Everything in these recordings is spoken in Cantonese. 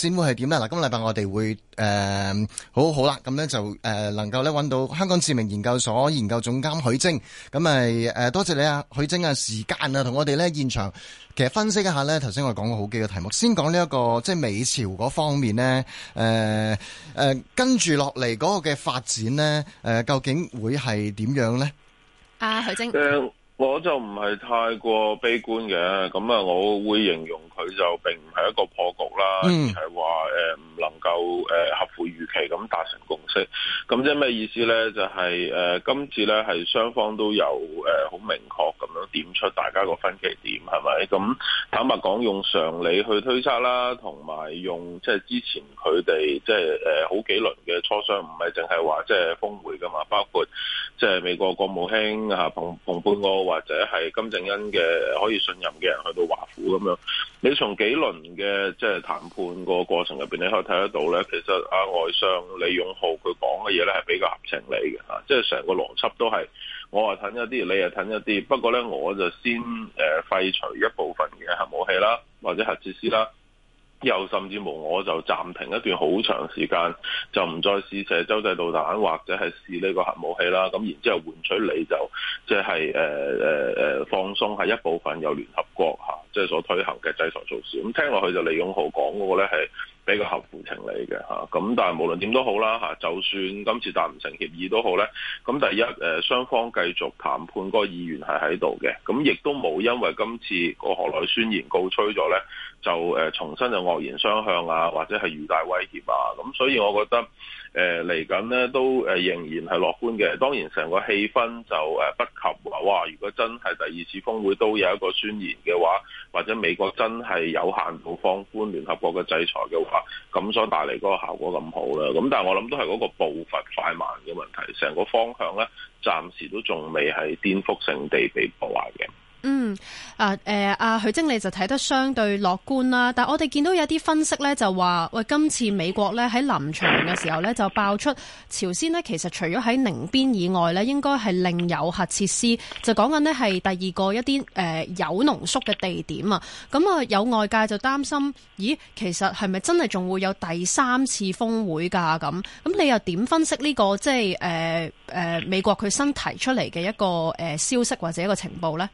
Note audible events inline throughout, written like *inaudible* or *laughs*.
先會係點咧？嗱，今禮拜我哋會誒、呃、好好啦，咁咧就誒能夠咧揾到香港智明研究所研究總監許楨，咁咪誒多謝你啊，許楨啊，時間啊，同我哋咧現場其實分析一下咧，頭先我哋講過好幾個題目，先講呢、這、一個即係美朝嗰方面咧，誒誒跟住落嚟嗰個嘅發展咧，誒、呃、究竟會係點樣咧？阿、啊、許楨。嗯我就唔係太過悲觀嘅，咁啊，我會形容佢就並唔係一個破局啦，而係話唔能夠合乎預期咁達成共識。咁即係咩意思咧？就係誒今次咧係雙方都有誒好明確咁樣點出大家個分歧點，係咪？咁坦白講，用常理去推測啦，同埋用即係之前佢哋即係好幾輪嘅磋商，唔係淨係話即係峰會噶嘛，包括。即係美國國務卿啊，蓬、蓬佩奧或者係金正恩嘅可以信任嘅人去到華府咁樣。你從幾輪嘅即係談判個過程入邊，你可以睇得到咧，其實阿、啊、外相李勇浩佢講嘅嘢咧係比較合情理嘅嚇，即係成個邏輯都係我話褪一啲，你又褪一啲。不過咧，我就先誒廢除一部分嘅核武器啦，或者核設施啦。又甚至乎我就暫停一段好長時間，就唔再試射洲際導彈，或者係試呢個核武器啦。咁然之後換取你就即係放鬆，係一部分由聯合國即係所推行嘅制裁措施。咁聽落去就李勇浩講嗰個咧係，比較合乎情理嘅，咁但係無論點都好啦，就算今次達唔成協議都好咧，咁第一，雙方繼續談判個意願係喺度嘅，咁亦都冇因為今次個河內宣言告吹咗咧，就重新就惡言相向啊，或者係巨大威脅啊，咁所以我覺得誒嚟緊咧都仍然係樂觀嘅，當然成個氣氛就不及啊，哇！如果真係第二次峰會都有一個宣言嘅話，或者美國真係有限度放寬聯合國嘅制裁嘅話，咁所帶嚟嗰個效果咁好啦，咁但係我諗都係嗰個步伐快慢嘅問題，成個方向咧，暫時都仲未係顛覆性地被破壞嘅。嗯，啊，誒、呃，阿許經理就睇得相對樂觀啦。但係我哋見到有啲分析呢，就話喂，今次美國呢，喺臨場嘅時候呢，就爆出朝鮮呢，其實除咗喺寧邊以外呢，應該係另有核設施，就講緊呢，係第二個一啲誒、呃、鈾濃縮嘅地點啊。咁、嗯、啊、呃，有外界就擔心，咦，其實係咪真係仲會有第三次峰會噶？咁咁，你又點分析呢、這個即係誒誒美國佢新提出嚟嘅一個誒、呃、消息或者一個情報呢？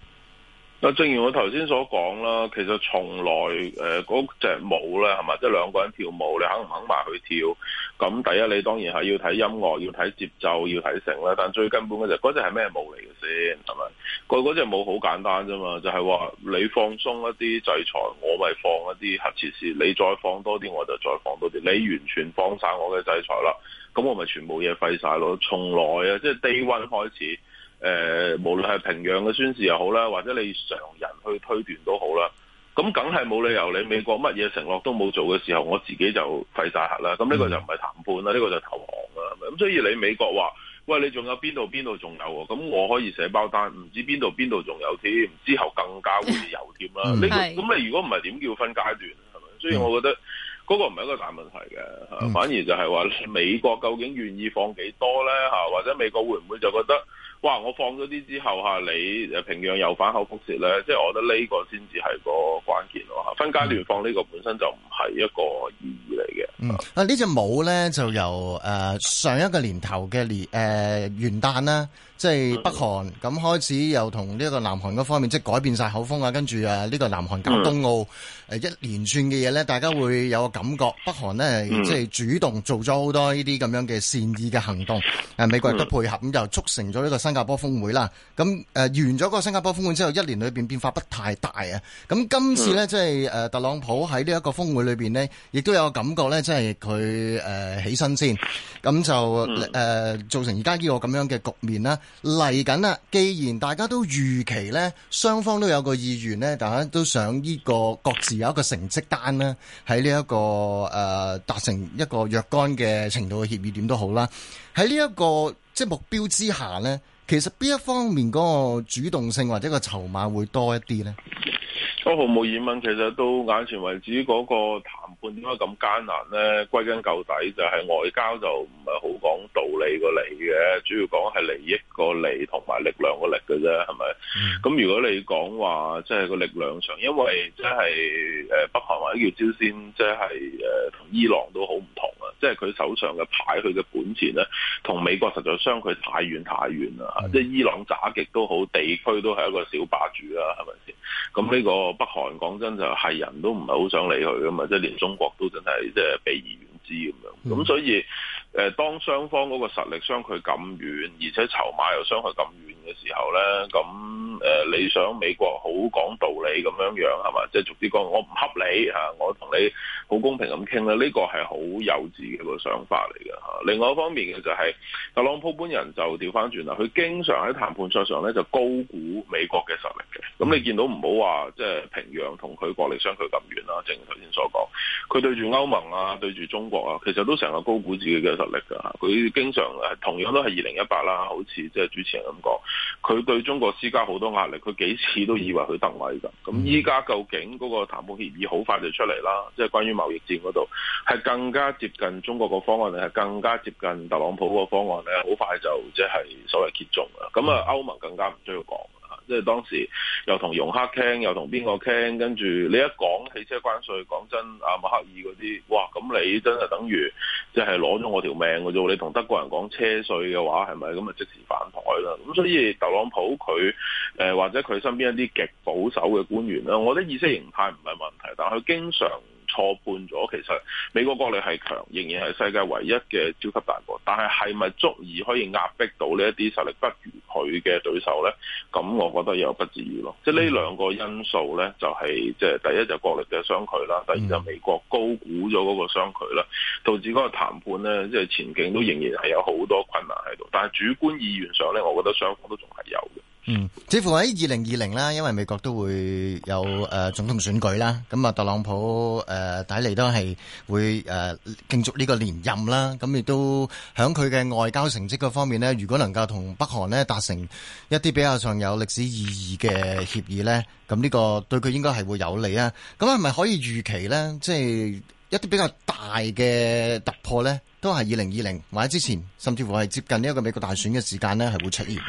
嗱，正如我頭先所講啦，其實從來誒嗰、呃、隻舞咧，係咪即係兩個人跳舞，你肯唔肯埋去跳？咁第一，你當然係要睇音樂，要睇節奏，要睇成啦。但最根本嘅就係、是、嗰隻係咩舞嚟嘅先係咪？佢嗰隻舞好簡單啫嘛，就係、是、話你放鬆一啲制裁，我咪放一啲核設施，你再放多啲，我就再放多啲，你完全放晒我嘅制裁啦。咁我咪全部嘢廢晒咯。從來啊，即係 day one 開始。誒、呃，無論係平壤嘅宣示又好啦，或者你常人去推斷都好啦，咁梗係冇理由你美國乜嘢承諾都冇做嘅時候，我自己就廢晒核啦。咁呢個就唔係談判啦，呢、呢個就投降啦。咁所以你美國話喂，你仲有邊度邊度仲有？咁我可以寫包單，唔知邊度邊度仲有添，之後更加會有添啦。呢個咁你如果唔係點叫分階段？係咪？所以我覺得。嗰、這個唔係一個大問題嘅，反而就係話美國究竟願意放幾多呢？或者美國會唔會就覺得哇，我放咗啲之後你平壤又反口覆舌呢？即係我覺得呢個先至係個關鍵咯。分階段放呢個本身就唔係一個意義嚟嘅。嗯，啊呢隻舞呢，就由誒、呃、上一個年頭嘅年、呃、元旦啦。即係北韓咁開始又同呢個南韓嗰方面即係改變晒口風啊！跟住啊呢個南韓搞冬奧、mm. 啊、一連串嘅嘢呢，大家會有個感覺，北韓呢，mm. 即係主動做咗好多呢啲咁樣嘅善意嘅行動。啊、美國亦都配合，又促成咗呢個新加坡峰會啦。咁誒完咗個新加坡峰會之後，一年裏面變化不太大啊。咁今次呢，mm. 即係、啊、特朗普喺呢一個峰會裏面呢，亦都有個感覺呢，即係佢誒起身先，咁就、mm. 啊、造成而家呢個咁樣嘅局面啦。嚟緊啦！既然大家都預期呢，雙方都有個意願呢，大家都想呢個各自有一個成績單呢，喺呢一個誒達、呃、成一個若干嘅程度嘅協議點都好啦。喺呢一個即係目標之下呢，其實邊一方面嗰個主動性或者個籌碼會多一啲呢？我毫無疑問，其實到眼前為止嗰、嗰個。點解咁艱難咧？歸根究底就係外交就唔係好講道理個理嘅，主要講係利益個利同埋力量個力嘅啫，係咪？咁如果你講話即係個力量上，因為即係誒北韓話叫朝鮮，即係誒同伊朗都好唔同。即係佢手上嘅牌，佢嘅本錢咧，同美國實在相距太遠太遠啦！即係伊朗打極都好，地區都係一個小霸主啦，係咪先？咁呢個北韓講真就係、是、人都唔係好想理佢噶嘛，即係連中國都真係即係避而遠之咁樣。咁所以、呃，當雙方嗰個實力相距咁遠，而且籌碼又相距咁遠嘅時候咧，咁。誒你想美國好講道理咁樣樣係嘛？即係、就是、逐啲講，我唔合理，我同你好公平咁傾啦。呢個係好幼稚嘅個個想法嚟嘅。另外一方面嘅就係、是，特朗普本人就調翻轉啦。佢經常喺談判桌上咧就高估美國嘅實力嘅。咁你見到唔好話即係平壤同佢國力相距咁遠啦。正如頭先所講，佢對住歐盟啊，對住中國啊，其實都成日高估自己嘅實力㗎。佢經常同樣都係二零一八啦，好似即係主持人咁講。佢對中國施加好多壓力，佢幾次都以為佢得位㗎。咁依家究竟嗰個談判協議好快就出嚟啦，即係關於貿易戰嗰度，係更加接近中國個方案，定係更加接近特朗普個方案咧？好快就即係所謂揭盅啦。咁啊，歐盟更加唔需要講，即係當時又同容克傾，又同邊個傾，跟住你一講汽車關稅，講真，阿默克爾嗰啲，哇！咁你真係等於即係攞咗我條命㗎啫喎！你同德國人講車稅嘅話，係咪咁啊？即啦，咁所以特朗普佢誒或者佢身邊一啲極保守嘅官員啦，我覺得意識形態唔係問題，但係佢經常錯判咗，其實美國國力係強，仍然係世界唯一嘅超級大國，但係係咪足以可以壓迫到呢一啲實力不如佢嘅對手呢，咁我覺得又不至於咯。即係呢兩個因素呢，就係即係第一就國力嘅相距啦，第二就美國高估咗嗰個相距啦，導致嗰個談判呢，即係前景都仍然係有好多困難喺度。但係主觀意願上呢，我覺得雙方都仲係有嘅。嗯，似乎喺二零二零啦，因為美國都會有誒、呃、總統選舉啦，咁啊，特朗普誒睇嚟都係會誒、呃、競逐呢個連任啦，咁亦都響佢嘅外交成績嗰方面呢，如果能夠同北韓呢達成一啲比較上有歷史意義嘅協議呢，咁呢個對佢應該係會有利啊。咁係咪可以預期呢？即、就、係、是、一啲比較大嘅突破呢，都係二零二零或者之前，甚至乎係接近呢一個美國大選嘅時間呢，係會出現嘅？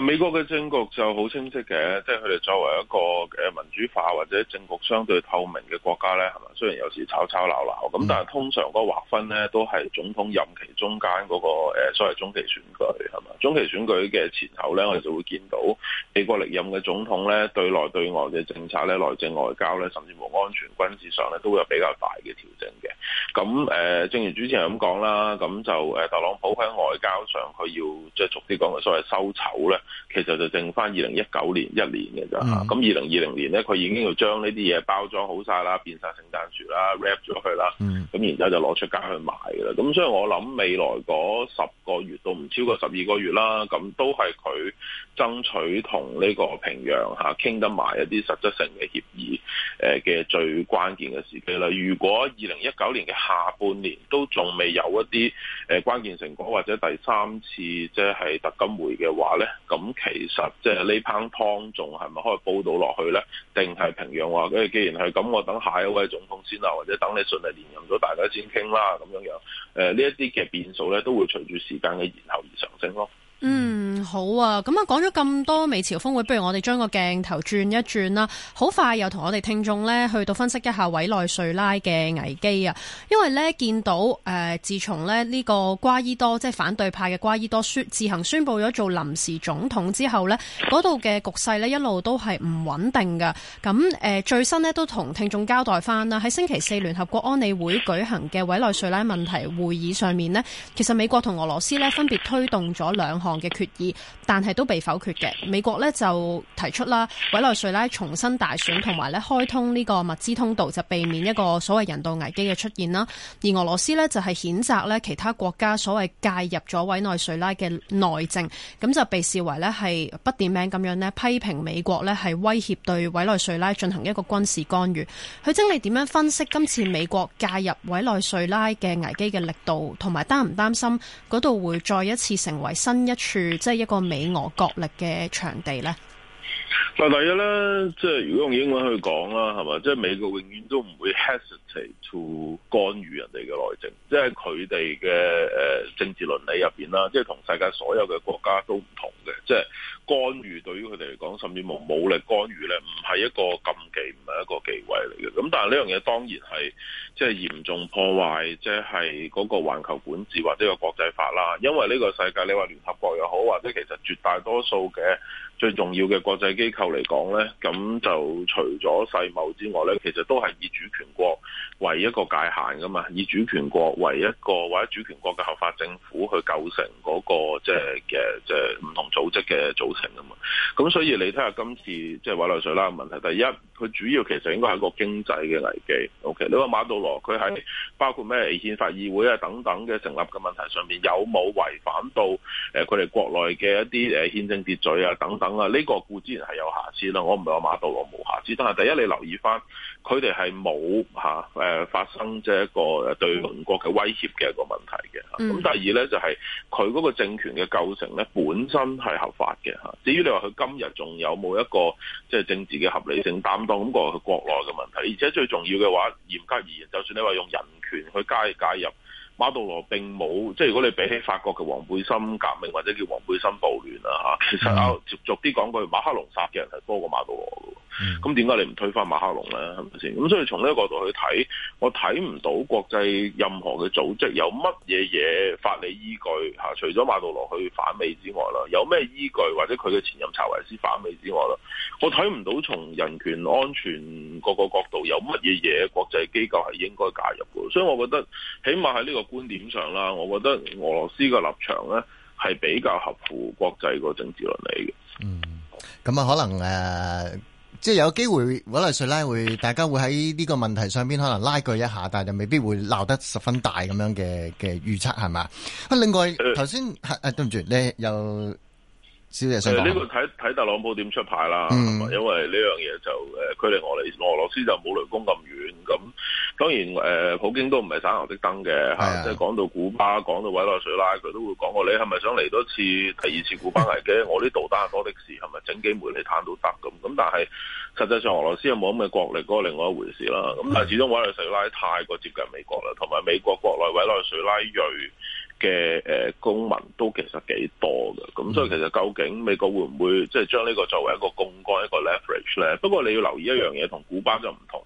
美國嘅政局就好清晰嘅，即係佢哋作為一個呃民主化或者政局相對透明嘅國家咧，係咪？雖然有時吵吵鬧鬧，咁但係通常嗰個劃分咧都係總統任期中間嗰、嗰個、呃、所謂中期選舉係嘛？中期選舉嘅前後咧，我哋就會見到美國歷任嘅總統咧對內對外嘅政策咧、內政外交咧，甚至乎安全軍事上咧，都會有比較大嘅調整嘅。咁、呃、正如主持人咁講啦，咁就呃、特朗普喺外交上佢要即係逐啲講嘅所謂收醜咧。其實就剩翻二零一九年一年嘅咋，啊，咁二零二零年咧，佢已經要將呢啲嘢包裝好晒啦，變晒聖誕樹啦 rap 咗佢啦，咁、mm -hmm. 然之後就攞出街去買噶啦。咁所以我諗未來嗰十個月都唔超過十二個月啦，咁都係佢爭取同呢個平壤吓傾得埋一啲實質性嘅協議，誒、呃、嘅最關鍵嘅時期啦。如果二零一九年嘅下半年都仲未有一啲誒關鍵成果或者第三次即係特金會嘅話咧，咁其實即係呢煲湯仲係咪可以煲落去咧？定係平壤話，佢既然係咁，我等下一位總統先啦，或者等你順利連任咗大家先傾啦，咁樣樣。誒，呢一啲嘅變數咧，都會隨住時間嘅延後而上升咯。嗯，好啊！咁啊，講咗咁多美朝峰會，不如我哋將個鏡頭轉一轉啦。好快又同我哋聽眾咧去到分析一下委內瑞拉嘅危機啊！因為咧見到誒、呃，自從咧呢個瓜伊多即係反對派嘅瓜伊多宣自行宣布咗做臨時總統之後咧，嗰度嘅局勢咧一路都係唔穩定噶，咁誒、呃，最新咧都同聽眾交代翻，啦，喺星期四聯合國安理會舉行嘅委內瑞拉問題會議上面咧，其實美國同俄羅斯咧分別推動咗兩項。嘅決議。但係都被否決嘅。美國咧就提出啦，委內瑞拉重新大選，同埋咧開通呢個物資通道，就避免一個所謂人道危機嘅出現啦。而俄羅斯咧就係、是、譴責咧其他國家所謂介入咗委內瑞拉嘅內政，咁就被視為咧係不點名咁樣咧批評美國咧係威脅對委內瑞拉進行一個軍事干預。許楨你點樣分析今次美國介入委內瑞拉嘅危機嘅力度，同埋擔唔擔心嗰度會再一次成為新一處即係、就是、一個美。俾我角力嘅場地咧，嗱，第一咧，即係如果用英文去講啦，係嘛，即係美國永遠都唔會 hesitate to 干預人哋嘅內政，即係佢哋嘅誒政治倫理入邊啦，即係同世界所有嘅國家都唔同嘅，即係干預對於佢哋嚟講，甚至無武力干預咧，唔係一個禁忌。一個地位嚟嘅，咁但係呢樣嘢當然係即係嚴重破壞，即係嗰個環球管治或者個國際法啦。因為呢個世界，你話聯合國又好，或者其實絕大多數嘅最重要嘅國際機構嚟講咧，咁就除咗世貿之外咧，其實都係以主權國為一個界限噶嘛，以主權國為一個或者主權國嘅合法政府去構成嗰、那個即係嘅即係唔同組織嘅組成噶嘛。咁所以你睇下今次即係、就是、委內瑞拉嘅問題，第一。佢主要其實應該係一個經濟嘅危機。O.K. 你話馬杜羅佢喺包括咩憲法議會啊等等嘅成立嘅問題上面有冇違反到誒佢哋國內嘅一啲誒憲政秩序啊等等啊？呢個固之然係有瑕疵啦。我唔係話馬杜羅冇瑕疵，但係第一你留意翻佢哋係冇嚇誒發生即係一個對鄰國嘅威脅嘅一個問題嘅。咁第二咧就係佢嗰個政權嘅構成咧本身係合法嘅嚇。至於你話佢今日仲有冇一個即係政治嘅合理性擔當？咁個係國內嘅問題，而且最重要嘅話，嚴格而言，就算你話用人權去介介入。馬杜羅並冇即係，如果你比起法國嘅黃背心革命或者叫黃背心暴亂啊嚇，其實啊直接啲講句，馬克龍殺嘅人係多過馬杜羅嘅。咁點解你唔推翻馬克龍咧？係咪先？咁所以從呢個角度去睇，我睇唔到國際任何嘅組織有乜嘢嘢法理依據嚇，除咗馬杜羅去反美之外啦，有咩依據或者佢嘅前任查維斯反美之外啦，我睇唔到從人權安全各個角度有乜嘢嘢國際機構係應該介入嘅。所以我覺得，起碼喺呢個。觀點上啦，我覺得俄羅斯嘅立場咧，係比較合乎國際個政治倫理嘅。嗯，咁啊，可能誒、呃，即係有機會，可能委內瑞拉會，大家會喺呢個問題上邊可能拉鋸一下，但係就未必會鬧得十分大咁樣嘅嘅預測係嘛。啊，另外頭先誒，對唔住，你有少嘢想講？呢個睇睇特朗普點出牌啦、嗯。因為呢樣嘢就誒，距離俄羅斯就冇雷公咁遠咁。當然，誒、呃、普京都唔係省油的燈嘅嚇，即係講到古巴，講到委內瑞拉，佢都會講過你係咪想嚟多次第二次古巴危機？ *laughs* 我呢導彈多的是，係咪整幾枚你攤都得咁？咁、嗯、但係實際上俄羅斯沒有冇咁嘅國力，嗰、那個另外一回事啦。咁但係始終委內瑞拉太過接近美國啦，同埋美國國內委內瑞拉裔嘅誒、呃、公民都其實幾多嘅。咁所以其實究竟美國會唔會即係、就是、將呢個作為一個槓桿、一個 leverage 咧？不過你要留意一樣嘢，同古巴就唔同。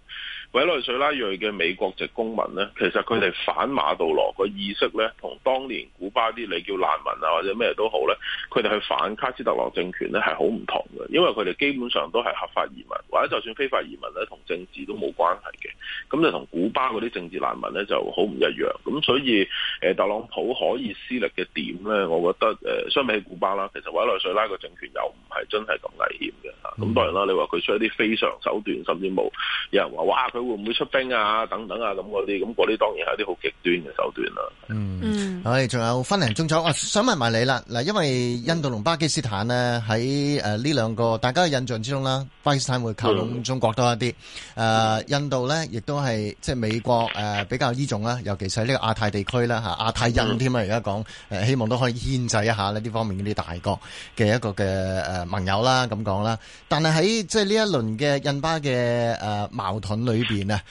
委內瑞拉裔嘅美國籍公民咧，其實佢哋反馬杜羅個意識咧，同當年古巴啲你叫難民啊或者咩都好咧，佢哋去反卡斯特羅政權咧係好唔同嘅，因為佢哋基本上都係合法移民，或者就算非法移民咧，同政治都冇關係嘅，咁就同古巴嗰啲政治難民咧就好唔一樣。咁所以，特朗普可以施力嘅點咧，我覺得誒相比起古巴啦，其實委內瑞拉個政權又唔係真係咁危險嘅嚇。咁當然啦，你話佢出一啲非常手段，甚至冇有，有人話哇。佢會唔會出兵啊？等等啊，咁嗰啲，咁嗰啲當然係啲好極端嘅手段啦，啊。嗯，我哋仲有分零鐘，我、啊、想問埋你啦。嗱，因為印度同巴基斯坦呢，喺誒呢兩個大家嘅印象之中啦，巴基斯坦會靠攏中國多一啲。誒、嗯呃，印度呢，亦都係即係美國誒、呃、比較倚重啦，尤其是喺呢個亞太地區啦吓，亞、啊、太印添啊，而家講誒希望都可以牽制一下呢呢方面嗰啲大國嘅一個嘅誒盟友啦，咁講啦。但係喺即係呢一輪嘅印巴嘅誒、呃、矛盾裏面。邊啊？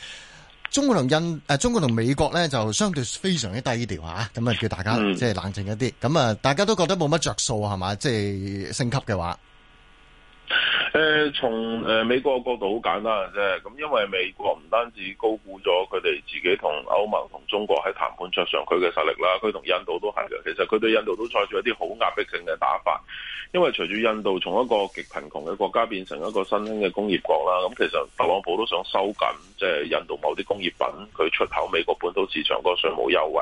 中國同印誒，中國同美國咧就相對非常之低調嚇，咁啊叫大家即係冷靜一啲。咁、mm. 啊，大家都覺得冇乜着數係嘛？即係、就是、升級嘅話。誒從誒美國嘅角度好簡單嘅啫，咁因為美國唔單止高估咗佢哋自己同歐盟同中國喺談判桌上佢嘅實力啦，佢同印度都係嘅。其實佢對印度都採取一啲好壓迫性嘅打法，因為隨住印度從一個極貧窮嘅國家變成一個新興嘅工業國啦，咁其實特朗普都想收緊即係印度某啲工業品佢出口美國本土市場嗰個稅務優惠。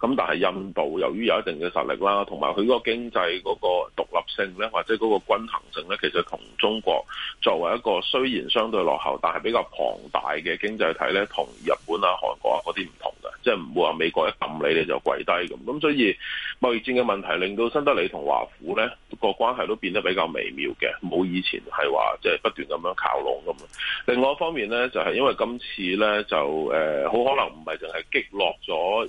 咁但係印度由於有一定嘅實力啦，同埋佢嗰個經濟嗰個獨立性咧，或者嗰個均衡性咧，其實同中國。作為一個雖然相對落後，但係比較龐大嘅經濟體咧，同入。本啊，韓國啊嗰啲唔同嘅，即係唔會話美國一撳你你就跪低咁，咁所以貿易戰嘅問題令到新德里同華府咧個關係都變得比較微妙嘅，冇以前係話即係不斷咁樣靠攏咁。另外一方面咧，就係因為今次咧就誒好可能唔係淨係擊落咗誒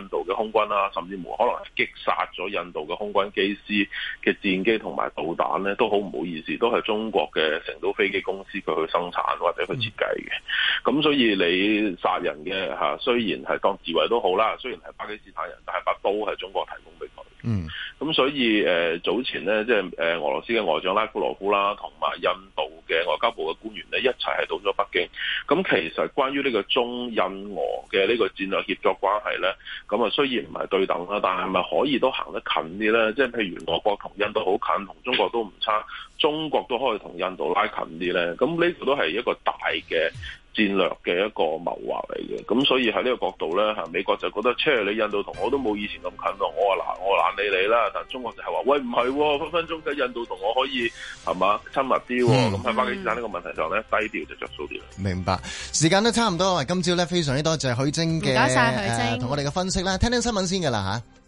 印度嘅空軍啦，甚至乎可能係擊殺咗印度嘅空軍機師嘅戰機同埋導彈咧，都好唔好意思，都係中國嘅成都飛機公司佢去生產或者去設計嘅。咁所以你。殺人嘅吓，雖然係當自衛都好啦，雖然係巴基斯坦人，但係把刀係中國提供俾佢。嗯。咁所以誒早前咧，即係誒俄羅斯嘅外長拉夫羅夫啦，同埋印度嘅外交部嘅官員咧，一齊係到咗北京。咁其實關於呢個中印俄嘅呢個戰略協作關係咧，咁啊雖然唔係對等啦，但係咪可以都行得近啲咧？即係譬如俄國同印度好近，同中國都唔差，中國都可以同印度拉近啲咧。咁呢個都係一個大嘅戰略嘅一個謀劃嚟嘅。咁所以喺呢個角度咧，嚇美國就覺得，嗟你印度同我都冇以前咁近，我話嗱，我懶理你啦。但中國就係話：喂，唔係分分鐘，即印度同我可以係嘛親密啲、哦。咁、嗯、喺巴基斯坦呢個問題上咧，嗯，低調就着數啲啦。明白。時間都差唔多，今朝咧非常之多謝許楨嘅多謝許楨。同、呃、我哋嘅分析啦，聽聽新聞先㗎啦嚇。